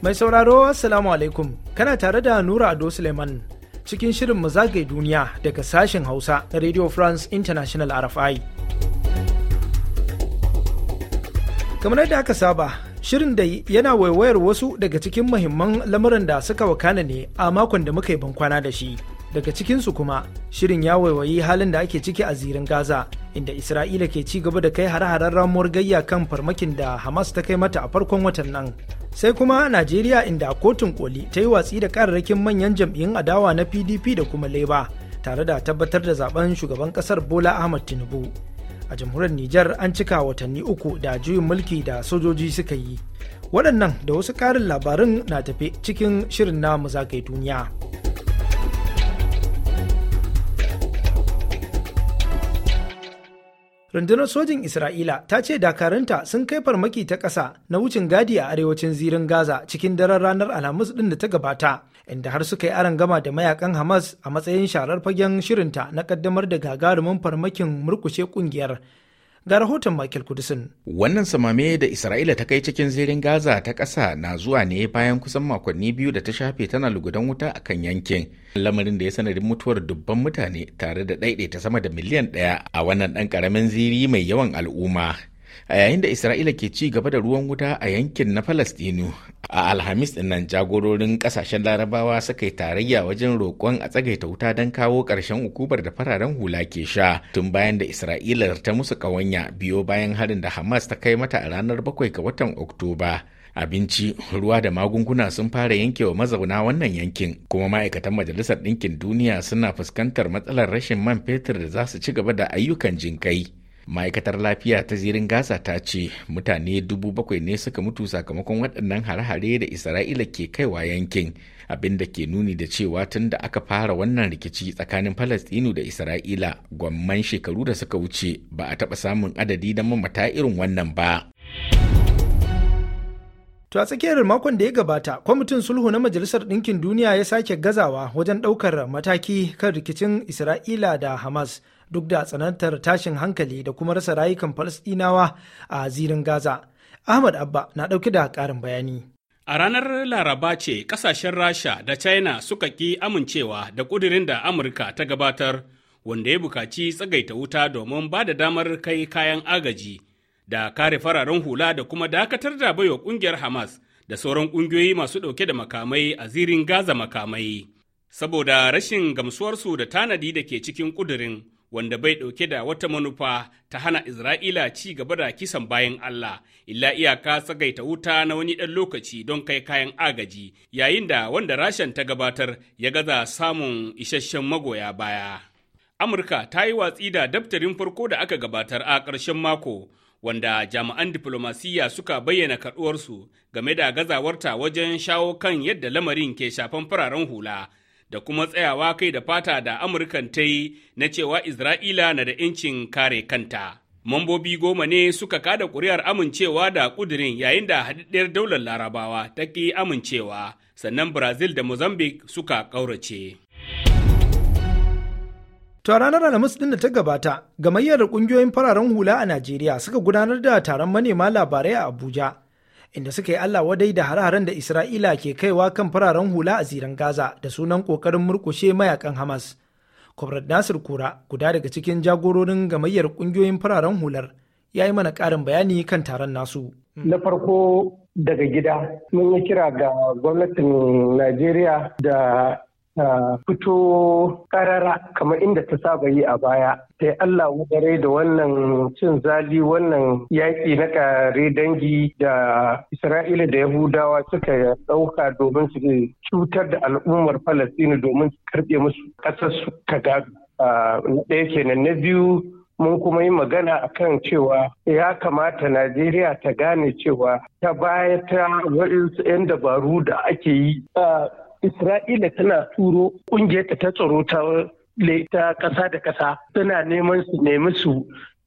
Mai sauraro Assalamu alaikum kana tare da Nura Ado Suleiman cikin shirin mu zagaye duniya daga sashen Hausa na Radio France International RFI. Kamar yadda aka saba, shirin da yana waiwayar wasu daga cikin muhimman lamuran da suka wakana ne a makon da muka yi bankwana da shi. daga cikinsu kuma shirin ya waiwayi halin da ake ciki a zirin gaza inda isra'ila ke ci gaba da kai hare-haren ramuwar gayya kan farmakin da hamas ta kai mata a farkon watan nan sai kuma najeriya inda kotun koli ta yi watsi da kararrakin manyan jam'iyyun adawa na pdp da kuma leba tare da tabbatar da zaben shugaban kasar bola ahmad tinubu a jamhuriyar nijar an cika watanni uku da juyin mulki da sojoji suka yi waɗannan da wasu ƙarin labarin na tafe cikin shirin na zagaye duniya. rundunar sojin isra'ila ta ce dakarunta sun kai farmaki ta ƙasa na wucin gadi a arewacin zirin gaza cikin daren ranar alhamis ɗin da ta gabata inda har suka yi aron gama da mayakan hamas a matsayin sharar fagen shirinta na ƙaddamar da gagarumin farmakin murkushe ƙungiyar Ga rahoton Michael Kudisin. Wannan samame da Isra'ila ta kai cikin zirin Gaza ta ƙasa na zuwa ne bayan kusan makonni biyu da ta shafe tana lugudan wuta a kan yankin. Lamarin da ya sanarin mutuwar dubban mutane tare da ɗaiɗaita sama da miliyan ɗaya a wannan ɗan ƙaramin ziri mai yawan al'umma. a yayin da isra'ila ke ci gaba da ruwan wuta a yankin na falastinu a alhamis din nan jagororin kasashen larabawa suka yi tarayya wajen roƙon a tsagaita wuta don kawo ƙarshen hukumar da fararen hula ke sha tun bayan da isra'ila ta musu ƙawanya biyo bayan harin da hamas ta kai mata a ranar bakwai ga watan oktoba abinci ruwa da magunguna sun fara yankewa mazauna wannan yankin kuma ma'aikatan majalisar ɗinkin duniya suna fuskantar matsalar rashin man fetur da za su ci gaba da ayyukan jinkai ma'aikatar lafiya ta zirin gaza ta ce mutane dubu bakwai ne suka mutu sakamakon waɗannan hare-hare da isra'ila ke kaiwa yankin abin da ke nuni da cewa tun da aka fara wannan rikici tsakanin falastinu da isra'ila gwamman shekaru da suka wuce ba a taɓa samun adadi da mamata irin wannan ba To a tsakiyar makon da ya gabata, kwamitin sulhu na Majalisar Ɗinkin Duniya ya sake gazawa wajen ɗaukar mataki kan rikicin Isra'ila da Hamas. duk da tsanantar tashin hankali da kuma rasa rayukan falasɗinawa a zirin gaza ahmad abba na ɗauke da ƙarin bayani a ranar laraba ce ƙasashen rasha da china suka ki amincewa da ƙudirin da amurka ta gabatar wanda ya bukaci tsagaita wuta domin ba da damar kai kayan agaji da kare fararen hula da kuma dakatar da baiwa ƙungiyar hamas da sauran ƙungiyoyi masu ɗauke da makamai a zirin gaza makamai saboda rashin gamsuwarsu da tanadi da ke cikin ƙudirin. wanda bai ɗauke da wata manufa ta hana Isra'ila ci gaba da kisan bayan Allah, illa iyaka tsagaita wuta na wani ɗan lokaci don kai kayan agaji, yayin da wanda rashen ta gabatar ya gaza samun isasshen magoya baya. Amurka ta yi watsi da daftarin farko da aka gabatar a ƙarshen mako, wanda jami'an diflomasiyya suka bayyana karɓuwarsu game da gazawarta wajen shawo kan yadda lamarin ke shafan fararen hula. da kuma tsayawa kai da fata da Amurkan ta yi na cewa Isra'ila na da 'yancin kare kanta. Mambobi goma ne suka kada kuri'ar amincewa da ƙudurin yayin da haɗaɗɗiyar daular larabawa ta ƙi amincewa, sannan Brazil da Mozambique suka ƙaurace. To ranar Alhamis ɗin da ta gabata, gamayyar ƙungiyoyin fararen hula a Najeriya suka gudanar da taron manema labarai a Abuja inda suka yi Allah wadai da hararen da Isra'ila ke kaiwa kan fararen hula a ziran Gaza da sunan ƙoƙarin murƙushe mayakan Hamas. Kwamrat Nasir Kura, guda daga cikin jagororin gamayyar ƙungiyoyin fararen hular, ya yi mana ƙarin bayani kan taron nasu. Na farko daga gida mun yi kira ga gwamnatin Najeriya da ta fito karara kamar inda ta saba yi a baya sai Allah wadare da wannan cin zali wannan yaƙi na ƙare dangi da Isra'ila da Yahudawa suka ɗauka domin su cutar da al'ummar Falasɗinu domin su karɓe musu su ka gado. ɗaya kenan na biyu mun kuma yi magana a kan cewa ya kamata Najeriya ta gane cewa ta baya ta 'yan dabaru da ake yi Isra'ila tana turo ƙungiyarta ta tsaro ta ta ƙasa da ƙasa tana neman su nemi su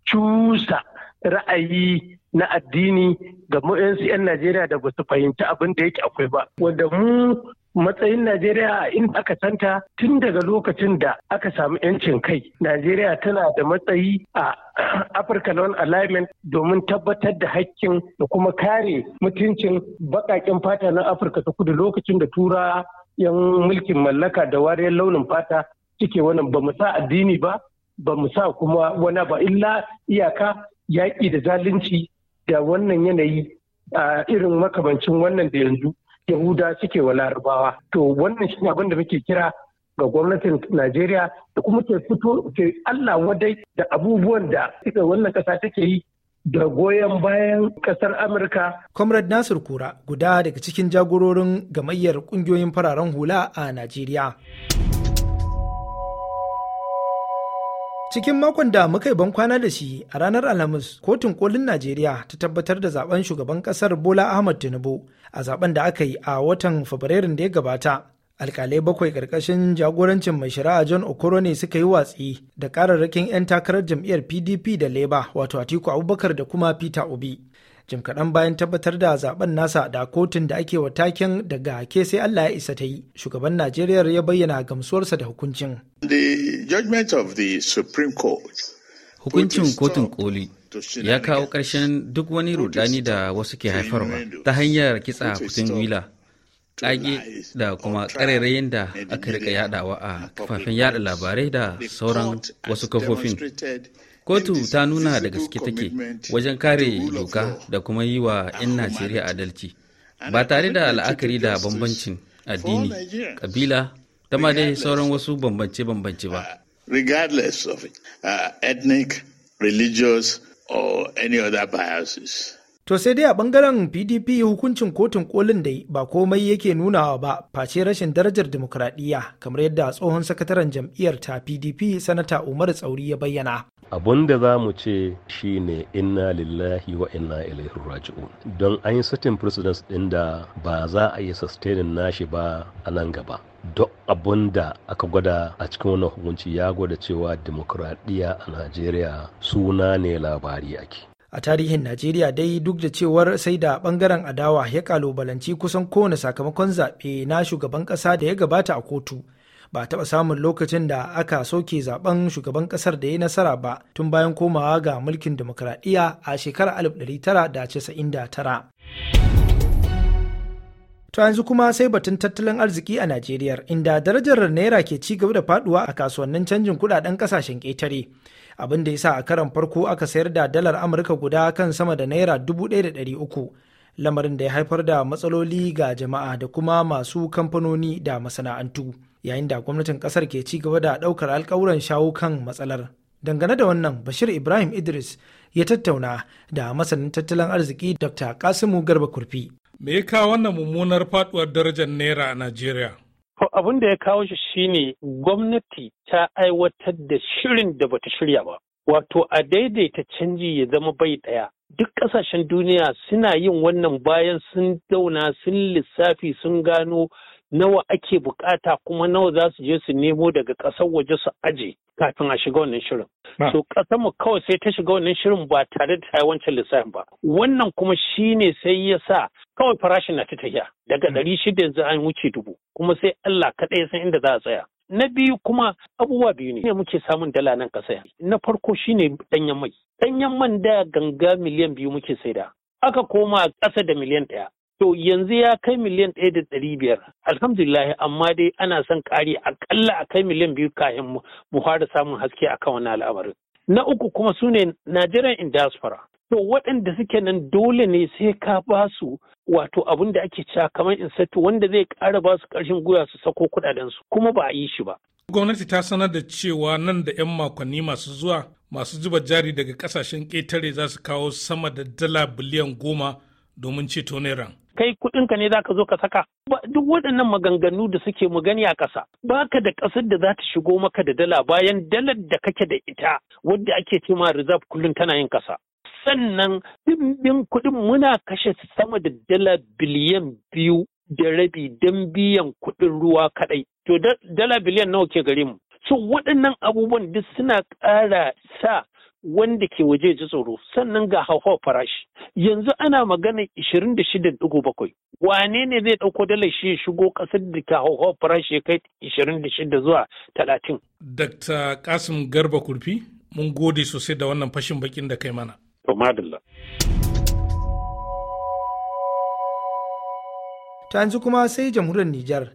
cusa ra'ayi na addini ga mu'yansu 'yan Najeriya da ba su fahimci abin da yake akwai ba. Wanda mu matsayin Najeriya a in aka santa tun daga lokacin da aka samu 'yancin kai. Najeriya tana da matsayi a Africa Loan Alignment domin tabbatar da hakkin da kuma kare mutuncin baƙaƙen fata na Afirka ta kudu lokacin da tura 'yan mulkin mallaka da wariyar launin fata suke wannan ba mu sa addini ba ba mu sa kuma wani ba illa iyaka yaƙi da zalunci da wannan yanayi a irin makamancin wannan da yanzu yahuda suke wa larabawa to wannan shi abin da muke kira ga gwamnatin najeriya da kuma ke fito ke allah wadai da abubuwan da suka wannan ƙasa take yi da goyon bayan kasar amurka comrade nasir kura guda daga cikin jagororin gamayyar kungiyoyin fararen hula a najeriya cikin makon da muka yi bankwana da shi a ranar alhamis kotun kolin najeriya ta tabbatar da zaben shugaban kasar bola ahmad tinubu a zaben da aka yi a watan fabrairun da ya gabata alkalai bakwai karkashin jagorancin mai shari'a john okoro ne suka yi watsi da kararrakin 'yan takarar jam'iyyar pdp da leba wato atiku abubakar da kuma peter obi jim kaɗan bayan tabbatar da zaben nasa da kotun da ake wa taken daga ke sai allah ya isa ta yi shugaban najeriya ya bayyana gamsuwarsa da hukuncin hukuncin kotun koli ya kawo ƙarshen duk wani rudani da wasu ke haifarwa ta hanyar kitsa kusin wila Ƙage da kuma ƙarairayin da aka rika yadawa a kafafen yada labarai da sauran wasu kafofin kotu ta nuna da gaske take wajen kare doka da kuma yi wa 'yan najeriya adalci ba tare da la'akari da bambancin addini ƙabila ta dai sauran wasu bambance-bambance ba uh, regardless of uh, ethnic religious or any other biases To sai dai a ɓangaren PDP hukuncin kotun kolin da ba komai yake nunawa ba face rashin darajar demokuraɗiyya kamar yadda tsohon sakataren jam'iyyar ta PDP sanata Umar Tsauri ya bayyana. Abun da za mu ce shi ne inna lillahi wa inna ilaihi raji'un don an yi sitting precedence ɗin da ba za a yi sustaining nashi ba a nan gaba. duk abun da aka gwada a cikin wannan hukunci ya gwada cewa dimokuraɗiyya a najeriya suna ne labari ake a tarihin najeriya dai duk da cewar sai da bangaren adawa ya kalubalanci kusan kowane sakamakon zaɓe na shugaban ƙasa da ya gabata a kotu ba a taɓa samun lokacin da aka soke zaben shugaban ƙasar da ya nasara ba tun bayan komawa ga mulkin demokuraɗiyya a shekarar 1999 To yanzu kuma sai batun tattalin arziki a Najeriya inda darajar naira ke ci gaba da faduwa a kasuwannin canjin kudaden kasashen ƙetare. Abin da yasa a karon farko aka sayar da dalar Amurka guda kan sama da naira dubu Lamarin da ya haifar da matsaloli ga jama'a da kuma masu kamfanoni da masana'antu. Yayin da gwamnatin ƙasar ke ci gaba da ɗaukar alƙawuran shawo kan matsalar. Dangane da wannan Bashir Ibrahim Idris ya tattauna da masanin tattalin arziki Dr. Kasimu Garba Kurfi. Me ya kawo wannan mummunar faduwar darajar Naira a Najeriya? Abin da ya kawo shi shine gwamnati ta aiwatar da shirin da bata shirya ba. Wato a daidaita canji ya zama bai ɗaya. Duk ƙasashen duniya suna yin wannan bayan sun dauna sun lissafi sun gano nawa ake bukata kuma nawa za su je su nemo daga ƙasar waje su aje kafin a shiga wannan shirin. So ƙasar mu kawai sai ta shiga wannan shirin ba tare da tayi wancan lissafin ba. Wannan kuma shine sai ya sa kawai farashin na ta tafiya daga mm. ɗari shida yanzu an wuce dubu kuma sai Allah kaɗai ya san inda za a tsaya. Na biyu kuma abubuwa biyu ne muke samun dala nan ƙasa. Na farko shine ɗanyen mai. Ɗanyen man da ganga miliyan biyu muke saida. Aka koma ƙasa da miliyan ɗaya. to yanzu ya kai miliyan ɗaya da ɗari biyar alhamdulillah amma dai ana son ƙari aƙalla a kai miliyan biyu kayan mu fara samun haske akan wani al'amarin na uku kuma su ne nigerian in to waɗanda suke nan dole ne sai ka ba su wato abin da ake cewa kamar inseto wanda zai ƙara ba su ƙarshen gwiwa su sako kuɗaɗensu kuma ba a yi shi ba gwamnati ta sanar da cewa nan da 'yan makonni masu zuwa masu zuba jari daga ƙasashen ƙetare za su kawo sama da dala biliyan goma domin ceto naira kai kuɗinka ne za ka zo ka saka duk waɗannan maganganu da suke mu gani a ƙasa baka da ƙasar da za ta shigo maka da dala bayan dalar da kake da ita wadda ake ce ma reserve kullum tana yin ƙasa sannan ɗimbin kuɗin muna kashe sama da dala biliyan biyu da rabi don biyan kuɗin ruwa kaɗai to dala biliyan nawa ke gare mu so waɗannan abubuwan duk suna ƙara sa wanda ke waje ji tsoro sannan ga hauhawar farashi yanzu ana magana 26.7 wane ne zai dauko dala shi ya shigo ƙasar da ke hauhawar farashi ya kai 26 zuwa 30 dakta Kasim Garba Kurfi mun gode sosai da wannan fashin bakin da kai mana Ta yanzu kuma sai jamhuriyar Nijar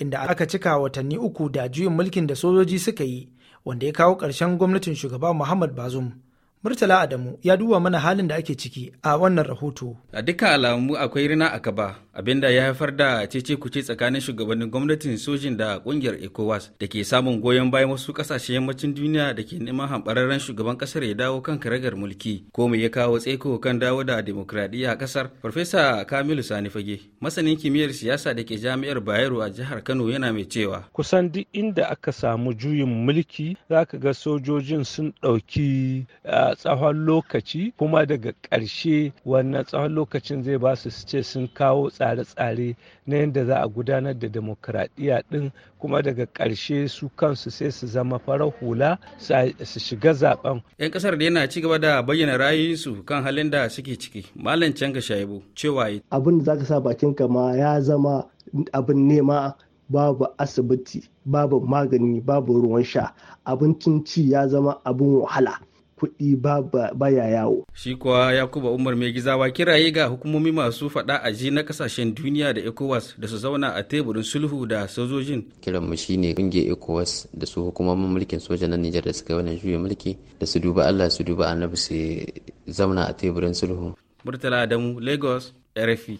inda aka cika watanni uku da juyin mulkin da sojoji suka yi wanda ya kawo ƙarshen gwamnatin shugaba muhammad bazum Murtala Adamu ya duba mana halin da ake ciki a wannan rahoto. A duka alamu akwai rina a kaba abinda ya haifar da cece kuce tsakanin shugabannin gwamnatin sojin da kungiyar ECOWAS da ke samun goyon bayan wasu kasashe yammacin duniya da ke neman hambararren shugaban kasar ya dawo kan karagar mulki. Ko me ya kawo tseko kan dawo da demokradiyya a kasar? Farfesa Kamilu Sani Fage, masanin kimiyyar siyasa da ke Jami'ar Bayero a jihar Kano yana mai cewa. Kusan duk inda aka samu juyin mulki, za ka ga sojojin sun ɗauki ah, tsawon lokaci kuma daga ƙarshe wannan tsawon lokacin zai ba su ce sun kawo tsare-tsare na yadda za a gudanar da demokradiyya ɗin kuma daga ƙarshe su kansu sai su zama farar hula su shiga zaben. 'yan kasar da yana cigaba da bayyana ra'ayinsu kan halin da suke ciki malam canka shaibu cewa abin da zaka sa bakin ma ya zama abin nema babu asibiti babu magani babu ruwan sha abincin ci ya zama abin wahala kuɗi ba ya yawo. Shi kuwa Yakuba Umar mai gizawa kiraye ga hukumomi masu faɗa a ji na kasashen duniya da ECOWAS da su zauna a teburin sulhu da sojojin. Kiran mu shine kungiyar ECOWAS da su hukumomin mulkin soja na Nijar da suka wani wannan juyin mulki da su duba Allah su duba Annabi su zauna a teburin sulhu. Murtala Adamu Lagos RFI.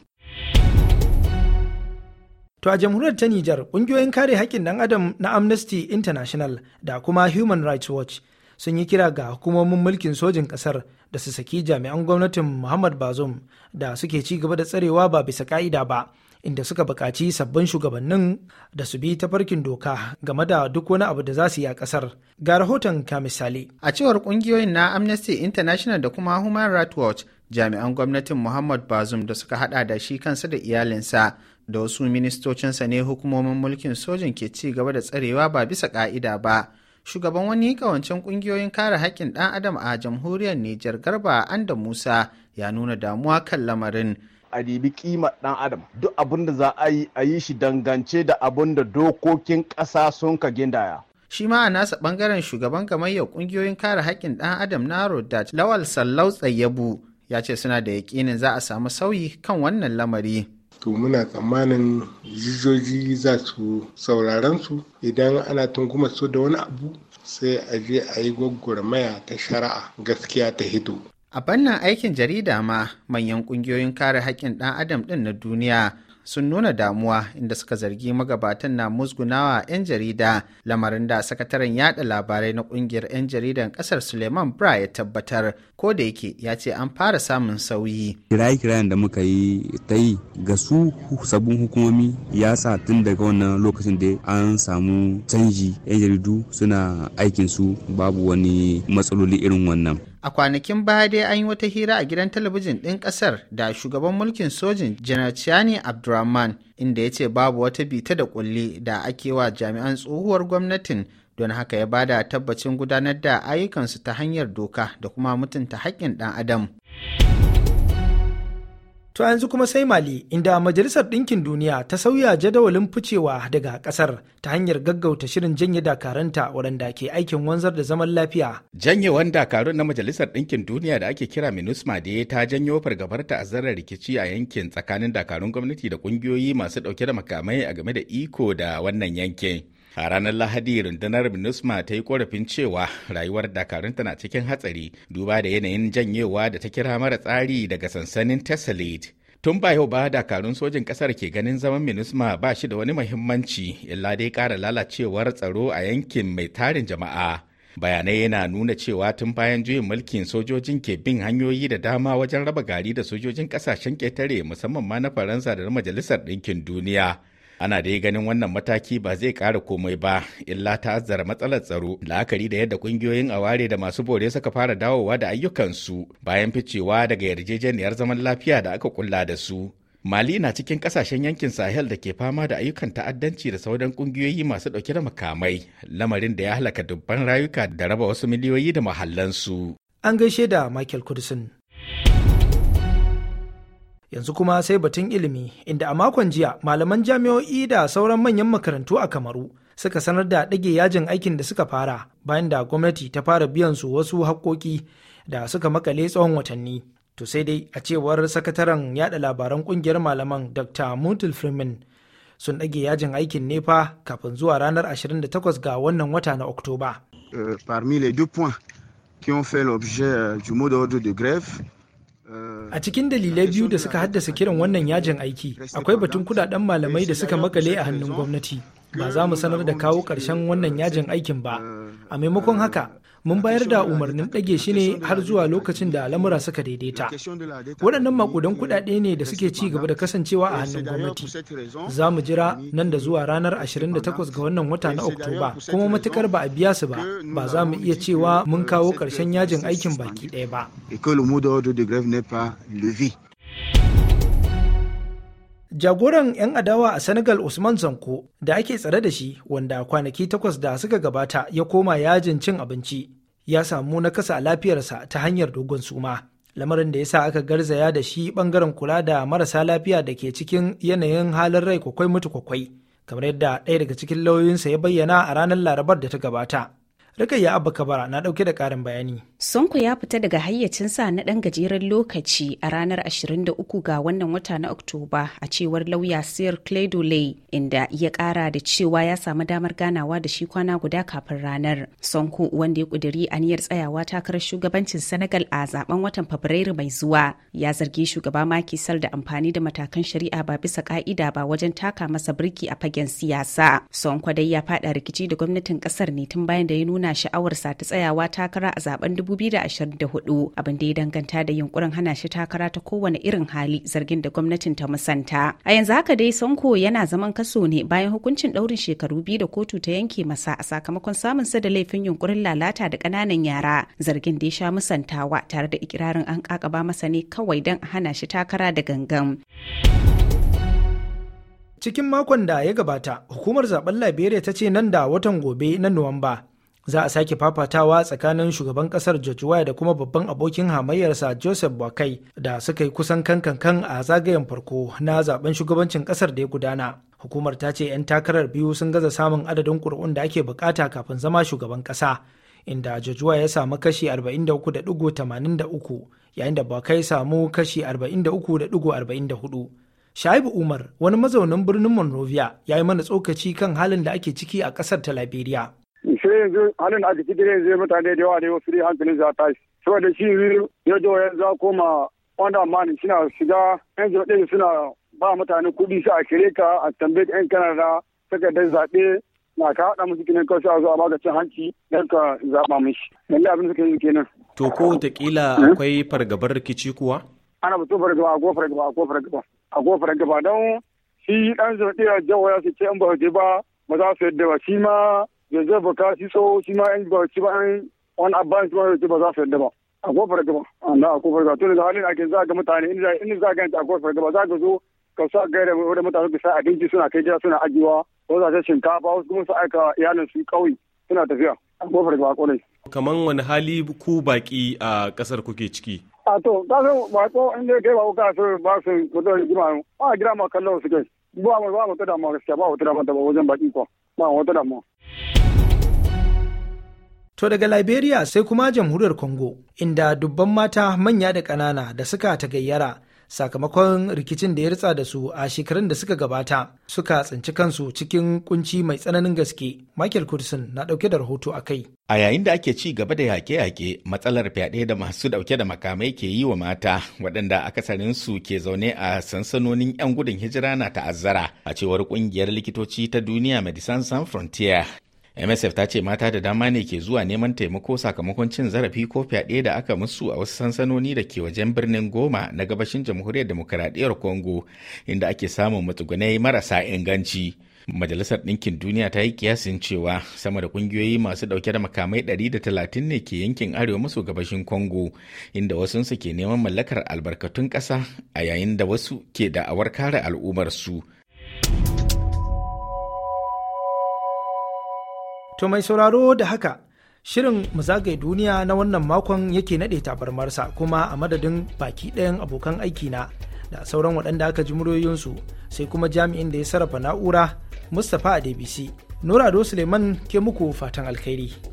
To a jamhuriyar ta Nijar, ƙungiyoyin kare haƙƙin ɗan adam na Amnesty International da kuma Human Rights Watch sun yi kira ga hukumomin mulkin sojin kasar da su saki jami'an gwamnatin muhammad bazum da suke ci gaba da tsarewa ba bisa ka'ida ba inda suka bukaci sabbin shugabannin da su bi tafarkin doka game da duk wani abu da za su yi a ƙasar. Ga rahoton ka misali. A cewar ƙungiyoyin na Amnesty International da kuma Human Rights Watch, jami'an gwamnatin Muhammad bazum da suka hada da shi kansa da iyalinsa da wasu ministocinsa ne hukumomin mulkin sojin ke ci gaba da tsarewa ba bisa ka'ida ba. shugaban wani kawancin kungiyoyin kare haƙƙin ɗan adam a jamhuriyar Nijar Garba Anda Musa ya nuna damuwa kan lamarin. A ribi kima ɗan adam duk abin da za a yi a yi shi dangance da abin da dokokin ƙasa sun ka gindaya. Shi ma a nasa ɓangaren shugaban gamayyar kungiyoyin kare haƙƙin ɗan adam na Rodat Lawal Sallau Tsayyabu ya ce suna da yaƙinin za a samu sauyi kan wannan lamari. to muna tsammanin jijoji za su sauraron su idan ana tunguma su da wani abu sai a je a yi maya ta shari'a gaskiya ta hito a bannan aikin jarida ma manyan kungiyoyin kare haƙƙin ɗan adam ɗin na duniya sun nuna damuwa inda suka zargi magabatan na musgunawa 'yan jarida lamarin da sakataren yada labarai na kungiyar 'yan jaridan kasar suleiman bra ya tabbatar ko da yake ya ce an fara samun sauyi kiraye-kirayen da muka yi ta yi ga su sabbin hukumomi ya sa tun daga wannan lokacin da an samu canji 'yan jaridu suna aikin su babu wani matsaloli irin wannan A kwanakin baya dai an yi wata hira a gidan talabijin ɗin ƙasar da shugaban mulkin sojin Janar chani abdulrahman inda ya ce babu wata bita da ƙulli da ake wa jami'an tsohuwar gwamnatin don haka ya bada tabbacin gudanar da ayyukansu ta hanyar doka da kuma mutunta haƙƙin ɗan adam. To yanzu kuma sai Mali inda Majalisar Ɗinkin Duniya ta sauya jadawalin ficewa daga ƙasar ta hanyar gaggauta shirin janye dakaranta waɗanda ke aikin wanzar da zaman lafiya. Janyewan dakarun na Majalisar Ɗinkin Duniya da ake kira MINUSMA da ta janyo fargabar ta'azzara rikici a yankin tsakanin dakarun gwamnati da ƙungiyoyi masu ɗauke da makamai a game da iko da wannan yankin. A ranar Lahadi rundunar MINUSMA ta yi korafin cewa rayuwar dakarunta na cikin hatsari duba da yanayin janyewa da ta kira mara tsari daga sansanin Tessalit. Tun ba yau ba dakarun sojin ƙasar ke ganin zaman MINUSMA ba shi da wani muhimmanci illa dai ƙara lalacewar tsaro a yankin mai tarin jama'a. bayanai yana nuna cewa tun bayan juyin mulkin sojojin ke bin hanyoyi da dama wajen raba gari da sojojin ƙasashen ƙetare musamman ma na faransa da majalisar ɗinkin duniya ana dai ganin wannan mataki ba zai ƙara komai ba illa ta azzara matsalar tsaro la'akari da yadda kungiyoyin aware da masu bore suka fara dawowa da ayyukansu bayan ficewa daga yarjejeniyar zaman lafiya da aka kulla da su mali na cikin kasashen yankin sahel da ke fama da ayyukan ta'addanci da sauran kungiyoyi masu dauke da makamai lamarin da ya halaka dubban rayuka da raba wasu miliyoyi da mahallansu an gaishe da michael kudusin Yanzu kuma sai batun ilimi, inda a makon jiya malaman jami'o'i da sauran manyan makarantu a Kamaru suka sanar da ɗage yajin aikin da suka fara bayan da gwamnati ta fara biyan su wasu haƙƙoƙi da suka makale tsawon watanni. To sai dai a cewar sakataren yada labaran ƙungiyar malaman Dr. Mutul Freeman sun ɗage yajin aikin nefa kafin zuwa ranar 28 ga wannan wata na Oktoba. Euh, parmi les deux points qui ont fait l'objet euh, du mot d'ordre A cikin dalilai biyu da suka haddasa kiran wannan yajin aiki, akwai batun kudaden malamai da suka makale a hannun gwamnati. Ba za mu sanar da kawo ƙarshen wannan yajin aikin ba. A maimakon haka, mun bayar da umarnin ɗage shi ne har zuwa lokacin da al'amura suka daidaita waɗannan makudan kuɗaɗe ne da suke ci gaba da kasancewa a hannun gwamnati za mu jira nan da zuwa ranar 28 ga wannan wata na oktoba kuma matukar ba a biya su ba ba za mu iya cewa mun eh, kawo ƙarshen yajin aikin baki ɗaya ba jagoran 'yan adawa a senegal usman Sanko, da ake tsare da shi wanda kwanaki takwas da suka gabata ya koma yajin cin abinci ya samu nakasa a lafiyarsa ta hanyar dogon suma lamarin da ya sa aka garzaya da shi bangaren kula da marasa lafiya da ke cikin yanayin halin rai kwakwai mutu kwakwai kamar yadda ɗaya daga cikin lauyoyinsa ya bayyana a ranar larabar da ta gabata Rikayya Abba Kabara na ɗauke da ƙarin bayani. Sonko ya fita daga hayyacinsa na ɗan gajeren lokaci a ranar 23 ga wannan wata na Oktoba a cewar lauya Sir Cledoley inda ya ƙara da cewa ya samu damar ganawa da shi kwana guda kafin ranar. Sonko wanda ya ƙudiri aniyar tsayawa takarar shugabancin Senegal a zaben watan Fabrairu mai zuwa ya zargi shugaba Macky Sall da amfani da matakan shari'a ba bisa ka'ida ba wajen taka masa birki a fagen siyasa. Sonko dai ya faɗa rikici da gwamnatin ƙasar ne tun bayan da ya nuna nuna sha'awarsa ta tsayawa takara a zaben 2024 abin da ya danganta da yunkurin hana shi takara ta kowane irin hali zargin da gwamnatin ta musanta. A yanzu haka dai Sonko yana zaman kaso ne bayan hukuncin ɗaurin shekaru biyu da kotu ta yanke masa a sakamakon samun sa da laifin yunkurin lalata da ƙananan yara zargin da ya sha musantawa tare da ikirarin an ƙaƙaba masa ne kawai don a hana shi takara da gangan. cikin makon da ya gabata hukumar zaben liberia ta ce nan da watan gobe na nuwamba za a sake fafatawa tsakanin shugaban kasar George Weah da kuma babban abokin hamayyarsa Joseph Boakai da suka yi kusan kankan a zagayen farko na zaben shugabancin kasar da ya gudana. Hukumar ta ce 'yan takarar biyu sun gaza samun adadin ƙuri'un da ake bukata kafin zama shugaban ƙasa, inda George Weah ya samu kashi 43.83 yayin da Boakai samu kashi 43.44. Shaibu Umar, wani mazaunin birnin Monrovia, ya yi mana tsokaci kan halin da ake ciki a ƙasar ta Liberia. sai yanzu halin a jiki dare zai mutane da yawa ne wasu dai hankalin za ta tashi saboda shi ya zo ya za koma wanda mani suna shiga yan zaɓe suna ba mutane kuɗi su a kire ka a tambayi yan kanada takardar zaɓe na ka haɗa musu kinan kawai a zo a baka cin hanci don ka zaɓa mishi lalle abin suka yi kenan. to ko wataƙila hmm? akwai fargabar rikici kuwa. ana batun fargaba a gofar gaba a gofar gaba a gofar gaba don shi ɗan zaɓe a jawo ya ce in ba ba ba za su yadda ba shi ma yanzu ka shi so shi ma yan bauchi ba an wani abban shi ma ba za su yadda ba a kofar gaba na a kofar gaba to da halin ake za ga mutane inda za ga a kofar gaba za ga zo ka sa gaira da mutane ka sa abinci suna kai gida suna ajiyewa ko za ta shinkafa wasu kuma su aika iyalin su kauye suna tafiya a kofar gaba kone kaman wani hali ku baki a kasar kuke ciki a to ta san bako in dai kai ba ka so ba su gudu rigima a gida ma kallon su kai ba mu ba mu tada mu gaskiya ba mu tada mu ba wajen baki ko ba mu tada mu To daga Liberia sai kuma jamhuriyar Congo, inda dubban mata manya da ƙanana da suka ta gayyara sakamakon rikicin da ya ritsa da su a shekarun da suka gabata suka tsinci kansu cikin kunci mai tsananin gaske. Michael Kurson na ɗauke da rahoto a kai. A yayin da ake ci gaba da yaƙe-yaƙe matsalar fyaɗe da masu ɗauke da makamai ke yi wa mata waɗanda akasarinsu ke zaune a sansanonin 'yan gudun hijira na ta'azzara a cewar ƙungiyar likitoci ta duniya Medicine Sans Frontier. MSF ta ce mata da dama ne ke zuwa neman taimako sakamakon cin zarafi ko fyaɗe da aka musu a wasu sansanoni da ke wajen birnin Goma na gabashin jamhuriyar demokuraɗiyyar Congo inda ake samun matsugunai marasa inganci. Majalisar Ɗinkin Duniya ta yi kiyasin cewa sama da ƙungiyoyi masu ɗauke da makamai 130 ne ke yankin arewa maso gabashin Congo, inda wasunsu ke neman mallakar albarkatun ƙasa a yayin da wasu ke da'awar kare al'ummarsu. su. To mai sauraro da haka shirin mu zagaye duniya na wannan makon yake naɗe tabarmarsa kuma a madadin baki ɗayan abokan aiki na da sauran waɗanda aka ji muryoyinsu sai kuma jami'in da ya sarrafa na'ura Mustapha a DBC. Nura Ado Suleiman ke muku fatan alkhairi.